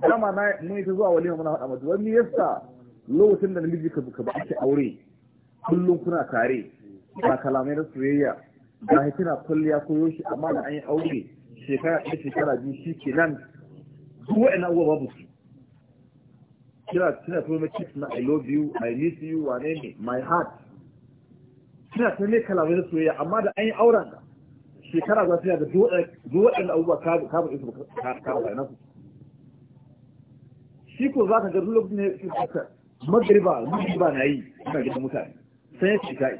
dama na mun ta zuwa walima muna faɗa mata wani yasa lokacin da namiji ka ba ake aure kullum kuna tare ba kalamai na soyayya ba kina kwalliya ko yoshi amma da an yi aure shekara ɗaya shekara biyu shi ke nan duk ina uwa babu su kira kina na kiss na i love you i miss you wane ne my heart suna ta ne kalamai na soyayya amma da an yi auren shekara za su yi da duwaɗin abubuwa kama isu kama ina su shi ko za ka garu lokacin ne su kasa magariba magariba na yi ina gidan mutane sai ya shiga yi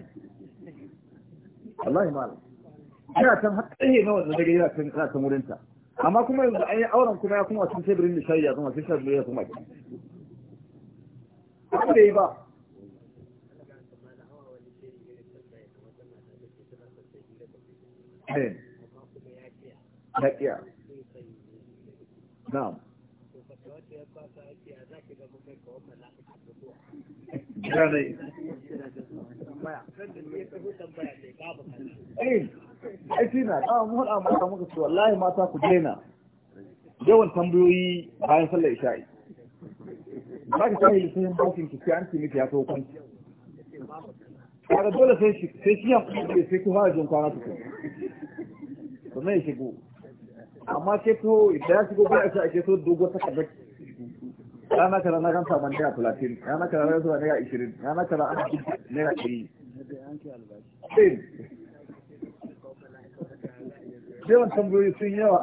wallahi malam ina can har tsaye na wanda daga yana can kana can wurinta amma kuma yanzu an yi auren kuma ya kuma sun birnin da shayi ya zama sai shayi ya kuma da yi ba Eh, na ƙiya na'am Gane. Eh, aiki na, ta mura mata muka ce wallahi mata ku daina yawan tambayoyi bayan sallar isha'i. Ba ki sahi lisanin bankin ki an ce miki ya kwanci. Kaga dole sai shi ya kuma sai ki fara jin kwana ku. sannan ya shigo amma ke to idan ya shigo ba ya sa ake so dogon ya rana kaza na ganta ban naira talatin rana kaza na zuwa naira ishirin rana kaza an bin naira ɗari yawan tambayoyi sun yawa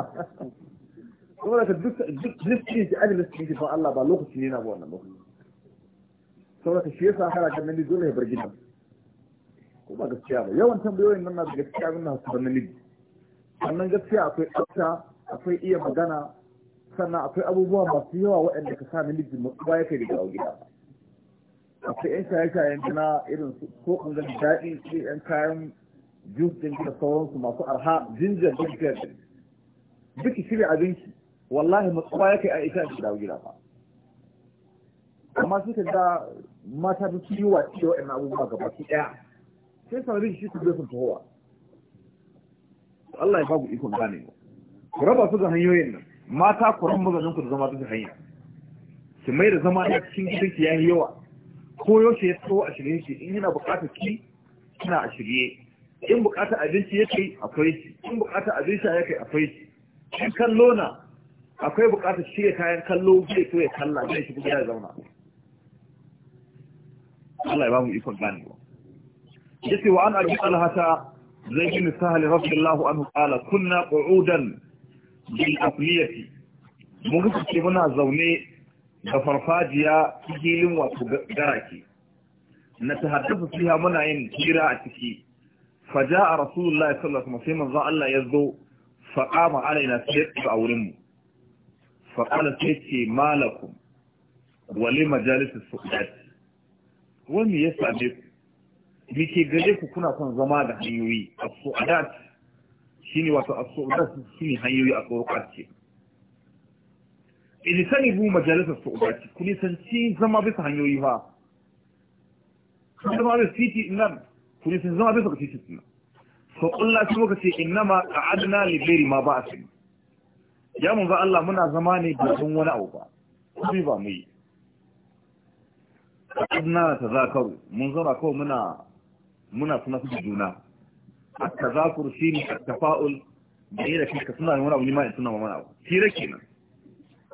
saboda ka duk listin ki ajin listin shi fa Allah ba lokaci ne na ba wannan lokaci saboda ka shi yasa hara kan nan dole ya bar gidan ko ba gaskiya ba yawan tambayoyin nan na gaskiya nuna na su ban nan sannan gaskiya akwai tsafta akwai iya magana sannan akwai abubuwa masu yawa waɗanda ka sa namiji matsuwa ya kai daga a gida akwai yan shaye-shayen gina irin su ko gani daɗi su yan kayan jus ɗin da sauransu masu arha jinjin da ke duk shirya abinci wallahi matsuwa ya kai a isa da dawo gida ba amma sun da mata da su yi wa ciwo ɗin abubuwa gaba ɗaya sai saurin shi su bai sun tahowa Allah ya babu ikon gane ku raba su ga hanyoyin nan mata ku ran mazajen ku da zama duka hanya ki mai da zama a cikin gidan ki yayi yawa ko yaushe ya tso a shirye shi in yana buƙatar ki kina a shirye in buƙatar abinci ya kai akwai shi in buƙatar abinci ya kai akwai shi in kallo na akwai buƙatar shirya kayan kallo zai so ya kalla zai shi gida ya zauna Allah ya ba mu ikon ganewa yace wa an al alhata زيد بن سهل رضي الله عنه قال كنا قعودا بالأفلية مغسط كمنا زوني بفرفاجيا تجيل وتجراكي نتحدث فيها منعين جراءتك فجاء رسول الله صلى الله عليه وسلم فيما ظاء الله يزدو فقام علينا سيئة أورمه فقال سيئة ما لكم ولما جالس السؤال ومن يسألكم da ke gare ku kuna son zama da hanyoyi a su'adat shi ne wato a su'adat shi ne hanyoyi a tsoro ce idi sani bu majalisar su'adat ku nisanci zama bisa hanyoyi ba ku zama bisa titi nan ku nisanci zama bisa titi nan to Allah shi muka ce ma qa'adna li ghairi ma ba ba'sin ya mun ga Allah muna zama ne domin wani abu ba kuma ba mu yi ta zakaru mun zama kawai muna muna suna su juna a tazakur shi ne a tafa'ul da yi da shi ka suna wani abu ne ma in suna wani abu Tira rake nan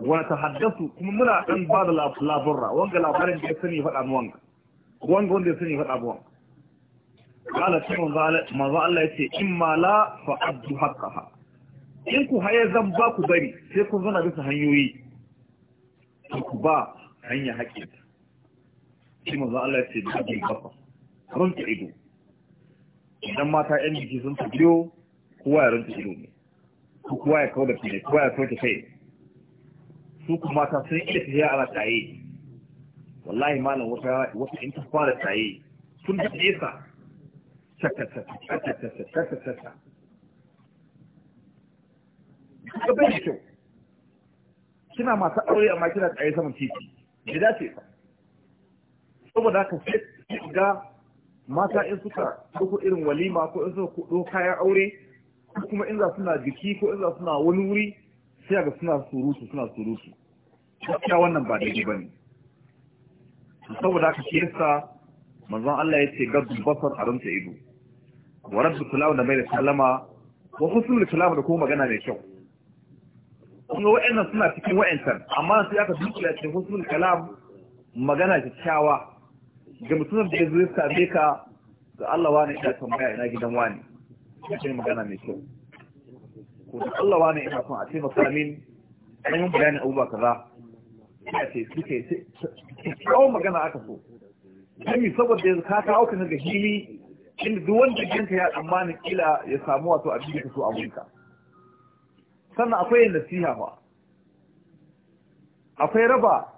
wani ta haddasu kuma muna ɗan ba da labarra wanga labarin da ya sani ya faɗa mu wanga wanga wanda ya sani ya faɗa mu wanga kala ta manzo Allah ya ce in ma la fa abdu haqqaha in ku haye zan ba ku bari sai kun zana bisa hanyoyi ku ba hanya haƙƙinta shi manzo Allah ya ce da abin kafa ronke ido idan mata yan jiki sun ta biyo kowa ya rinta ido ne kowa ya kawo da fiye kowa ya soke kai su kuma mata sun iya tafiya ana tsaye wallahi malam wata wata in ta fara tsaye sun da nesa sakasakasakasakasakasa mata in suka ɗauko irin walima ko in suka ɗauko kayan aure ko kuma in za suna jiki ko in za suna wani wuri sai ga suna surutu suna surutu gaskiya wannan ba daidai bane saboda haka shi yasa manzon Allah yace gaddu basar a ta ido wa rabbu kulaw da bai da sallama wa husnul kalam da kuma magana mai kyau kuma wa'annan suna cikin wa'ancan amma sai aka dukkula ce husnul kalam magana kyakkyawa ga mutumin da ya zo ya same ka ga Allah wani ina tambaya ina gidan wani shi magana mai kyau ko da Allah wani ina son a ce maka amin an yi bayanin abubuwa kaza ina ce suke kawo magana aka so Jami saboda ya ka kawo ka ga hili inda duk wanda jinka ya tsammanin kila ya samu wato abin da ka so a wurinka sannan akwai nasiha ba akwai raba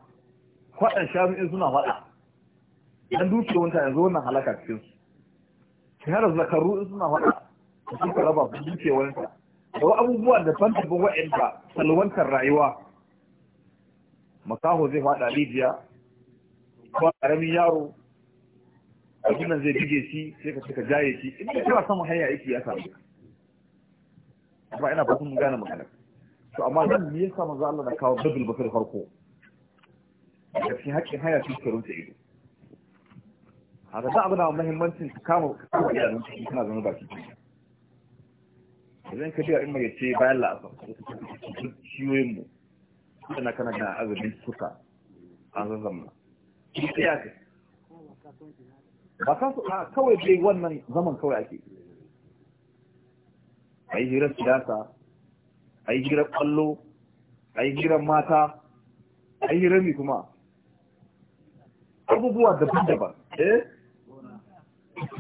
kwaɗan shanu in suna faɗa Yan dukiyar wanta yanzu wannan halaka cikin su har zakaru suna faɗa su ka raba su dukiyar wanta da abubuwa da fanta tantabin wa'anda salwantar rayuwa makaho zai fada rijiya ko ƙaramin yaro abin nan zai dige shi sai ka ka jaye shi in ka kira saman hanya yake ya samu amma ina fatan mun gane magana to amma nan me yasa manzo Allah na kawo babul bakar farko da cikin hakkin haya cikin karunta ido A haka za abu na muhimmancin su kama ka kama idanun ciki kana zama baki idan ka biya in mai ce bayan la'asar ciwoyin mu suna kana da azumin suka an zazzamna shi ya kai ba ka su kawai dai wannan zaman kawai ake a yi hirar siyasa a yi hirar kwallo a yi hirar mata a yi hirar mai kuma abubuwa daban-daban eh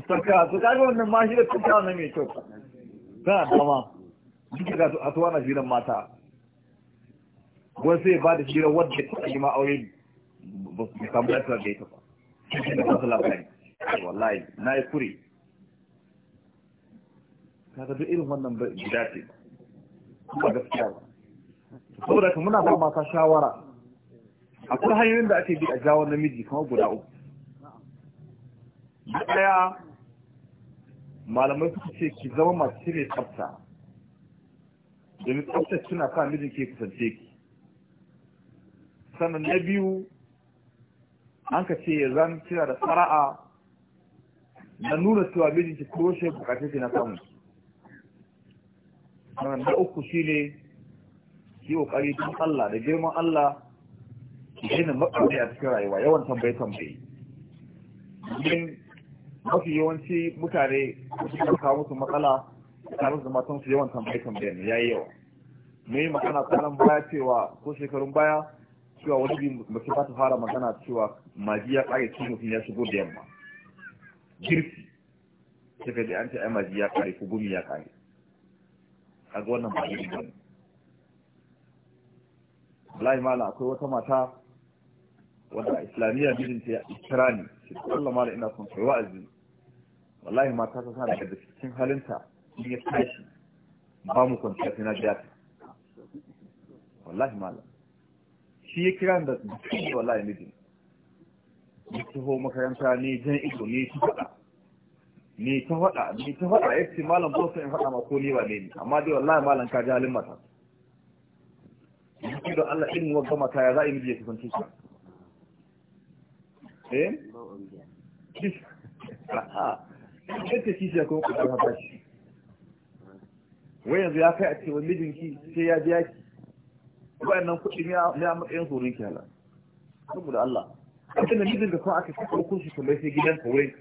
saka su kaga wannan ma shi da tunta wannan mai kyau tana dama duka ga a tuwa na shirin mata wani sai ba da shirin wadda ta yi ma aure ba su samu lafiya da ita ba shi da kasu labari wallahi na yi kure kaga duk irin wannan ba gida ce ba gaskiya ba saboda ka muna ba mata shawara akwai hanyoyin da ake bi a jawo namiji kamar guda uku na ɗaya malamai suka ce ki zama masu cire tsafta domin tsafta suna sa mijin ke kusance ki sannan na biyu an ka ce ya zan kira da tsara'a na nuna cewa mijin ki ko shi ki na samu sannan na uku shine ki kokari don Allah da girman Allah ki daina matsala a cikin rayuwa yawan tambaye tambaye mafi yawanci mutane su kawo musu matsala tare da matan su yawan tambaye tambayen ya yi yawa me magana kwanan baya cewa ko shekarun baya cewa wani bi ba ta fara magana cewa maji ya kare cikin mutum ya shigo da yamma girki sai ka an ce ai maji ya kare ko gumi ya kare a ga wannan ba ne Lai mala akwai wata mata wanda islamiyya bidin ta kira ni shi Allah mala ina son kai wa'azi wallahi mata ta sa daga cikin halinta in ya tashi ba mu kwanciya sai na jiya wallahi mala shi ya kira da dukkan wallahi mijin ya taho makaranta ne jan ido ne shi faɗa ne ta faɗa ne ta faɗa ya ce malam ba in faɗa ma ko ne ba ne ni amma dai wallahi malam ka ji halin mata yanzu don Allah in wagga mata ya za a yi miji ya kasance shi eh yadda kishi ya kuma kusa haka shi wai yanzu ya kai a cewa mijinki sai ya biya ki wayannan kuɗin ya matsayin tsoron ki hala saboda Allah abin da mijinka kuma aka kasa hukun shi kuma sai gidan ka wurin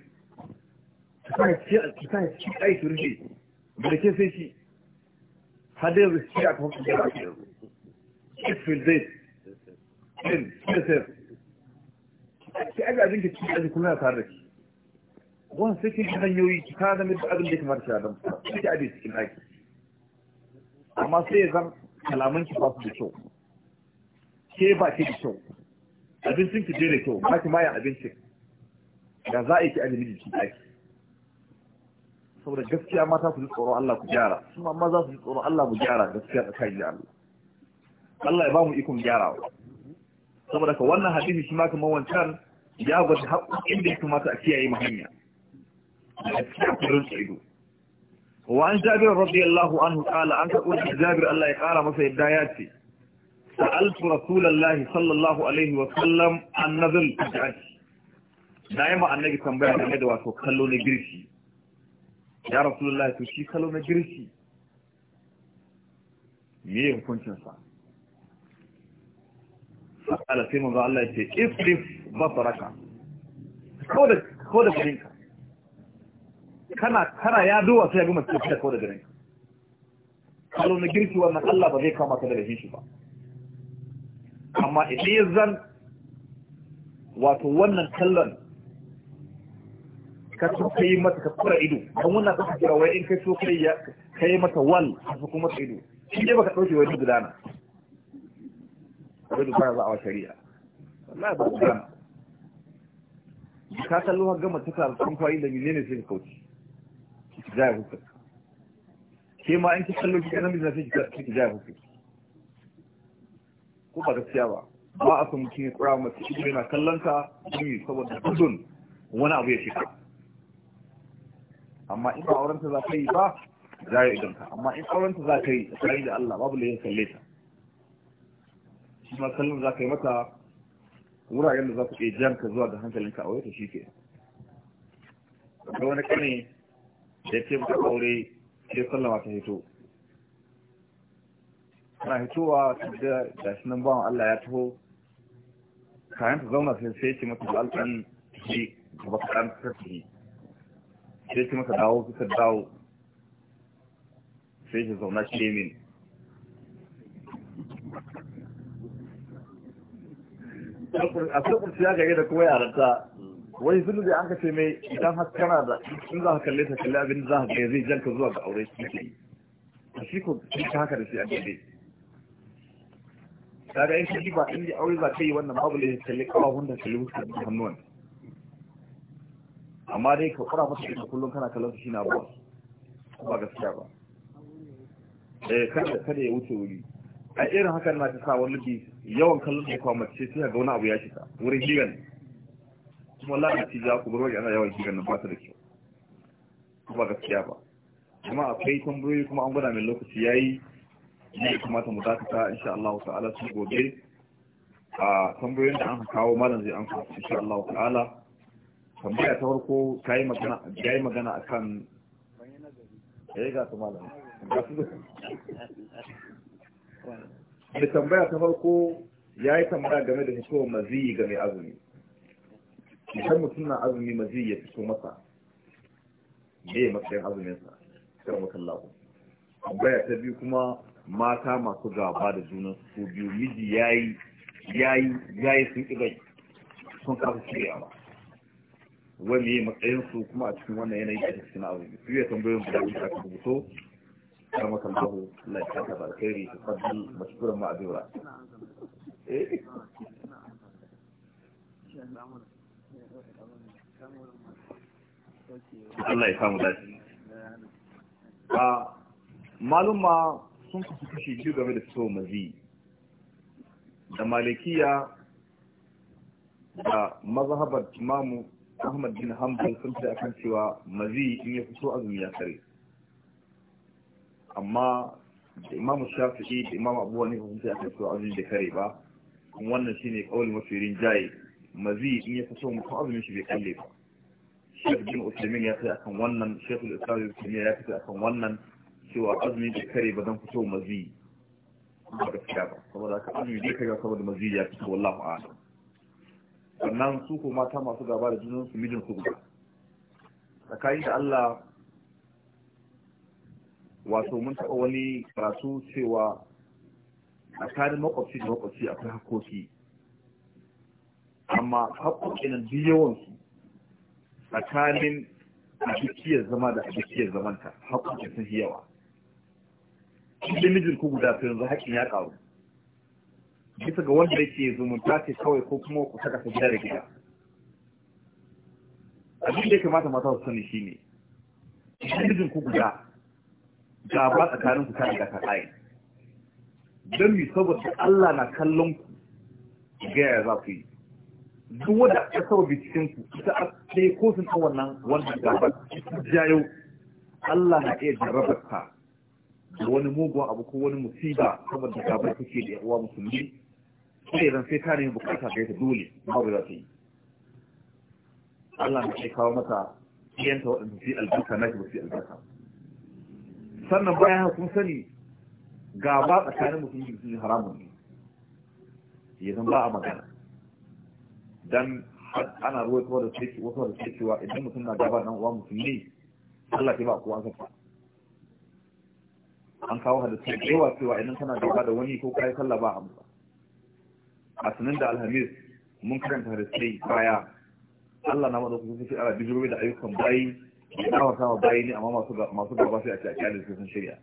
ki sa ci ai ki rufe da ke sai shi har da yanzu shi aka hukun da ake yanzu ifil zai in sai ki aga abin da ki aji kuma ya tare da ki wannan sai ki hanyoyi ki ka zama da abin da ka fara shaɗan ki aje cikin ɗaki amma sai ya zan kalaman ki su da kyau ke ba ke da kyau abincin ki je da kyau ba ki mayan abincin da za a yi ki aje miji cikin ɗaki saboda gaskiya mata ku ji tsoron Allah ku gyara su ma maza su ji tsoron Allah mu gyara gaskiya tsakanin Allah Allah ya ba mu ikon gyarawa saboda ka wannan hadisi shi ma kamar wancan ya gwada haƙoƙin da ya kamata a kiyaye ma hanya a cikin kurin tsaido wa an jabir radiyallahu anhu ƙala an karɓo shi jabir Allah ya ƙara masa yadda ya ce sa'altu rasulullahi sallallahu alaihi wa sallam an nazal tajati na yi ma annabi tambaya game da wato kallo na girki ya rasulullahi to shi kallo na girki me ya hukuncin sa? ala sai manzo Allah ya ce ifrif basaraka ko da ko da garinka kana kana ya duwa sai ya gama tafiya ko da ka, kalo na girki wannan Allah ba zai kama ka da lahin shi ba amma idan ya zan wato wannan kallon ka so ka yi mata ka kura ido don wannan ka kira wai in kai so kai ya kai mata wal ka kuma ido shi ne baka dauke wani gudana akwai dubara za a shari'a wallahi ba ku gama ka kallo har gama ta kara sun kwayi da menene sai ka kauce ki ya hukunta ke ma an ki kallo ki kana mijina sai ki ya hukunta ko ba gaskiya ba ba a san mutum ya kura mace ido yana kallon ka ne saboda gudun wani abu ya shiga amma in ba aurenta za ka yi ba za ya idan ka amma in aurenta za ka yi tsakani da Allah babu da ya kalle ta shi ma kallon za ka yi mata wuraren da za ku iya jan ka zuwa ga hankalinka a wata shi ke akwai wani kane da ya ce muka aure ke sallama ta hito ana hitowa da da shi nan bawan Allah ya taho kayan ta zauna sai sai ce mata alƙan shi gaba kaɗan ta tafi sai ce mata dawo ka dawo sai shi zauna shi min a sai ya gare da kuma yaranta wani zulu da an ka ce mai idan har kana da in za ka kalle ta kalle abin za ka ga zai jan ka zuwa ga aure shi ke shi ko shi ka haka da shi a daidai ga in shi ba in aure za ka yi wannan babu laifin kalli kawahun da kalli musu da hannuwan amma dai ka kura masa ita kullum kana kallon su shi na ba ba gaskiya ba eh kada kada ya wuce wuri a irin hakan na ta sa wani bi yawan kallon da kwa mace sai ga wani abu ya shiga wurin higan kuma ci ja ku bar ana yawan higan nan ba ta da kyau kuma gaskiya ba kuma akwai tambayoyi kuma an gwada mai lokaci yi ne kamata mu dakata insha Allah ta'ala sun gobe a tambayoyin da an kawo malam zai an kawo insha Allah ta'ala tambaya ta farko ta yi magana ya yi magana akan eh ga su malam da tambaya ta farko ya yi tambaya game da fitowar maziyi ga mai azumi idan mutum na azumi maziyi ya fito masa me matsayin azuminsa kan watan lahu tambaya ta biyu kuma mata masu gaba da juna su biyu miji yayi yayi yayi sun ƙi sun kafa ba wani matsayin su kuma a cikin wannan yanayi da cikin azumi su ya tambayoyin da ka rubuto karmaka Allah Allah ya saka alkhairi ta fadli mashkuran ma'azura eh Allah ya samu dace a ah, maluma sun kasu kashi biyu game da fito mazi da malikiya da mazhabar imamu Ahmad bin Hanbal sun fi akan cewa mazi in ya fito azumi ya kare amma da imamu shafi'i da imamu Abuwa ne hukunci a kan cewa azumin da kare ba kuma wannan shi ne kauli mafi rinjaye mazi in ya fito mutum azumin shi bai kalle ba shekh bin usaimin ya kai akan wannan shekh al-islam ibn taymiya ya kai akan wannan cewa azumin da kare ba dan fito mazi ba gaskiya ba saboda haka azumi da kare saboda mazi ya fito wallahu a'lam sannan su ko mata masu gaba da junan su mijin su guda tsakani da Allah wato mun taɓa wani karatu cewa a kanin makwabci da makwabci akwai hakoki amma haƙoƙi nan yawansu tsakanin abikiyar zama da abikiyar zamanta hakoki sun fi yawa ɗin mijin ku guda su yanzu ya ƙaru bisa ga wanda yake zumunta ce kawai ko kuma ku saka gida da gida abin da ya kamata mata su sani shine ɗin mijin ku guda gaba tsakanin ku ta daga ta tsaye don mi saboda Allah na kallon ku ya za ku yi duk wanda aka sababi cikin ku ita a ɗaya ko sun ɗan wannan wannan gabar jayo Allah na iya jarrabar ka da wani mugun abu ko wani musiba saboda gabar kake da uwa musulmi sai ran sai ta ne bukata ga ta dole babu za ta yi Allah na iya kawo mata iyanta waɗanda su yi albarka na shi ba su yi albarka sannan bayan kun sani gaba tsakanin mutum biyu sun haramun ne ya zan ba a magana dan ana ruwa da sai wasu da sai cewa idan mutum na gaba dan uwa mutum ne Allah ke ba ku an safa. an kawo hadisi da yawa cewa idan kana gaba da wani ko kai sallah ba amsa a sanin da alhamis mun karanta hadisi baya Allah na madaukakin sai ala bijiro da ayyukan bayi ya kawo sama bayi ne amma masu gaba sai a ce a kyalin sun shirya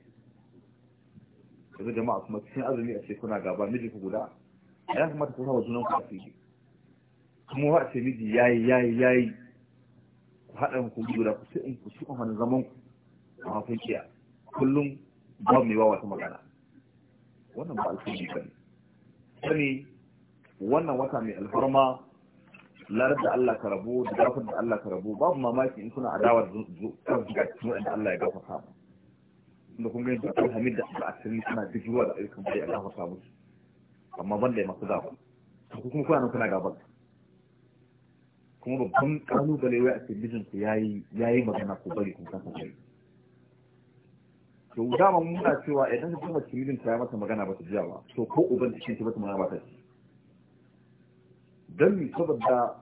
yanzu jama'a kuma cikin azumi a ce kuna gaba miji ku guda A ya kamata ku saba junan ku a fili kuma a ce miji yayi yayi yayi ku haɗa ku guda ku sai in ku su amfani zaman ku a hafin kiya kullum ba mai wawa ta magana wannan ba alfahari ba ne sani wannan wata mai alfarma larar da Allah ka rabo da gafar da Allah ka rabo babu mamaki in kuna adawar zuwa zuwa da Allah ya gafarta mu da kun gani da hamid da asirin suna jijuwa da ayyukan bai Allah gafarta musu amma ban da masu gaba ku kuma kuna kuna gaban kuma babban kalubale wai a cikin ku yayi yayi magana ko bari kun kasa bari to dama mun muna cewa idan ka kuma cikin ta ya mata magana ba ta jiya ba to ko uban cikin ta ba ta magana ba ta ji don saboda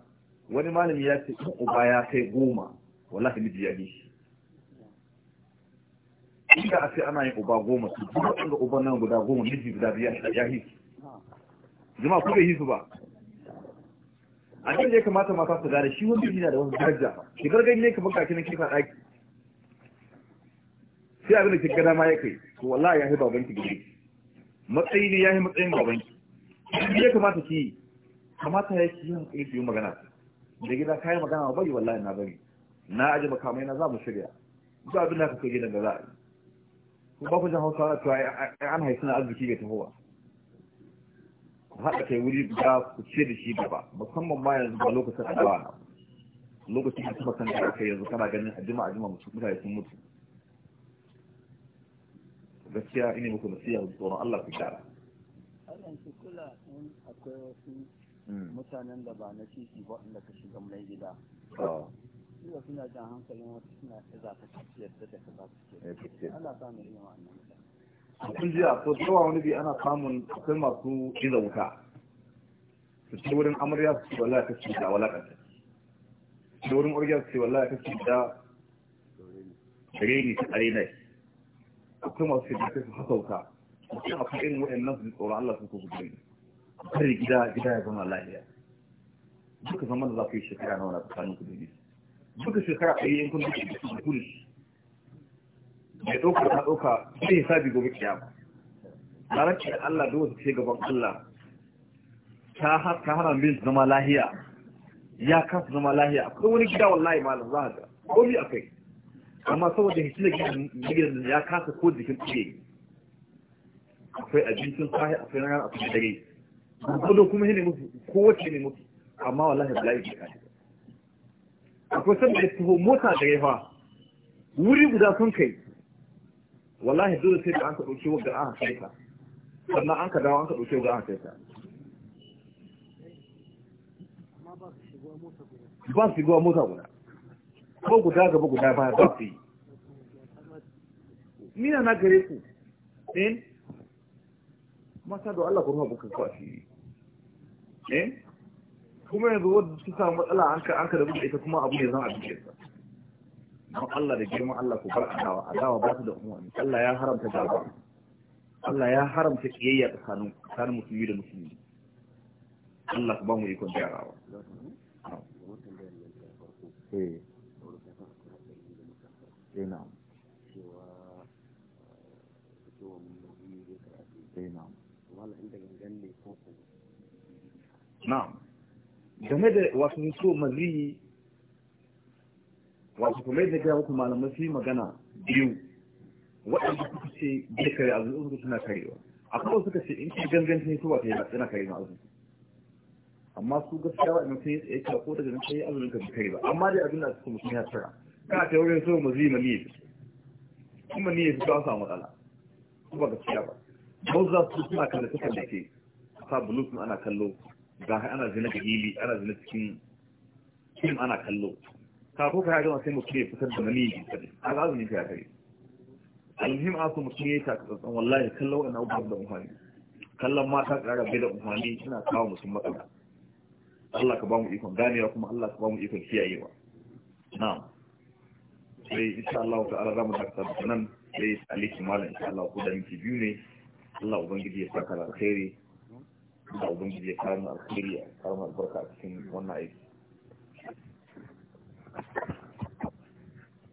wani malami ya ce in uba ya kai goma wallahi miji ya bi shi inda ce ana yin uba goma su duk wanda uban nan guda goma miji guda biya ya yi jama'a ku bai yi su ba kan da ya kamata mata su gane shi wani yana da wasu daraja ki bar gani ne ka baka kinin kifa ɗaki. sai abin da kika dama ya kai to wallahi ya yi babanki gidi matsayi ne ya yi matsayin babanki ya kamata ki kamata ya ki yin tsaye magana da gida kayi magana bari wallahi na bari na aje makamai na za mu shirya duk abin da ka kai gidan da za a yi ko ba ku jin hausa to ai an haifi na arziki ga tahowa ku haɗa kai wuri guda ku ce da shi gaba musamman ma yanzu ba lokacin addu'a na lokacin da kuma san da aka yanzu kana ganin ajima ajima mutane sun mutu gaskiya ina muku nasiya da tsoron Allah ku gyara Allah shi kula in akwai wasu Mm. mutanen da ba na titi ba inda ka shiga mai gida suna oh. suna jan hankalin wata suna za ta tafiyar da ta su ke ana samun irin wannan mutane a kun jiya so da wani bi ana samun akwai masu iza wuta su ce wurin amarya su ce wallahi kashi da walakanta su ce wurin orgiya su ce wallahi kashi da reni ta tsare nai akwai masu kai su haka wuta su ce akwai irin nan su tsoron Allah su ko su gani har gida gida ya zama lafiya duka zaman da za ku yi shekara na wani tsakanin ku da duka shekara a yi yankun duka da su kuri mai ɗauka ta ɗauka zai hisabi gobe kiyama ranar da Allah da wasu ce gaban Allah ta hana min zama lahiya ya kasa zama lahiya akwai wani gida wallahi malam za a ga ko bi akai amma saboda hikimar gidan ya kasa ko jikin tsaye akwai abincin sahi akwai na rana akwai dare gudu kuma ne mutu ko wacce ne mutu amma wallahi bala'i ke kai akwai san da tuho mota da yawa wuri guda sun kai wallahi dole sai da an ka dauke wa ga sai ka sannan an ka dawo an ka dauke wa ga sai ka ba su shigowa mota guda ko guda gaba guda baya ba su yi mina na gare ku in mata da Allah kuma bukan ku asiri eh kuma yanzu wanda su samu matsala an ka an ka da ita kuma abu ne zan a cikin sa don Allah da girman Allah ku bar adawa adawa ba su da umarni Allah ya haramta gaba Allah ya haramta kiyayya tsakanin tsakanin musulmi da musulmi Allah ku ba mu ikon jarawa. Eh. eh na'am na'am game da wasu so maziyi wasu kuma yadda gaya muku malamai su magana biyu waɗanda suka ce bai kare azumin su suna karewa a kawai suka ce in ki ganganci ne su ba ta yi suna kare ma azumin amma su gaskiya ba sun yi ya ka ko daga nan sai azumin ka bai kare ba amma dai abin da suka mutum ya tara kana ta wurin so maziyi ma niyyar kuma niyyar su ba su matsala su ba gaskiya ba ba za su suna kalle sukan da ke sa bulutun ana kallo ga ana zina da hili ana zina cikin kim ana kallo kafin ka gama sai mutum ya fitar da mani a azumin ka ya kare alhim aku mutum ya taka tsantsan wallahi kallon wani abubuwan da umfani kallon mata tsara bai da umfani suna kawo mutum matsala Allah ka ba mu ikon ganewa kuma Allah ka ba mu ikon kiyayewa na'am sai insha Allah ta'ala zamu dakata nan sai alikin malam insha Allah ku da miki biyu ne Allah ubangiji ya saka alkhairi da ubangiji ya kawo mu alkhairi ya mu albarka cikin wannan aiki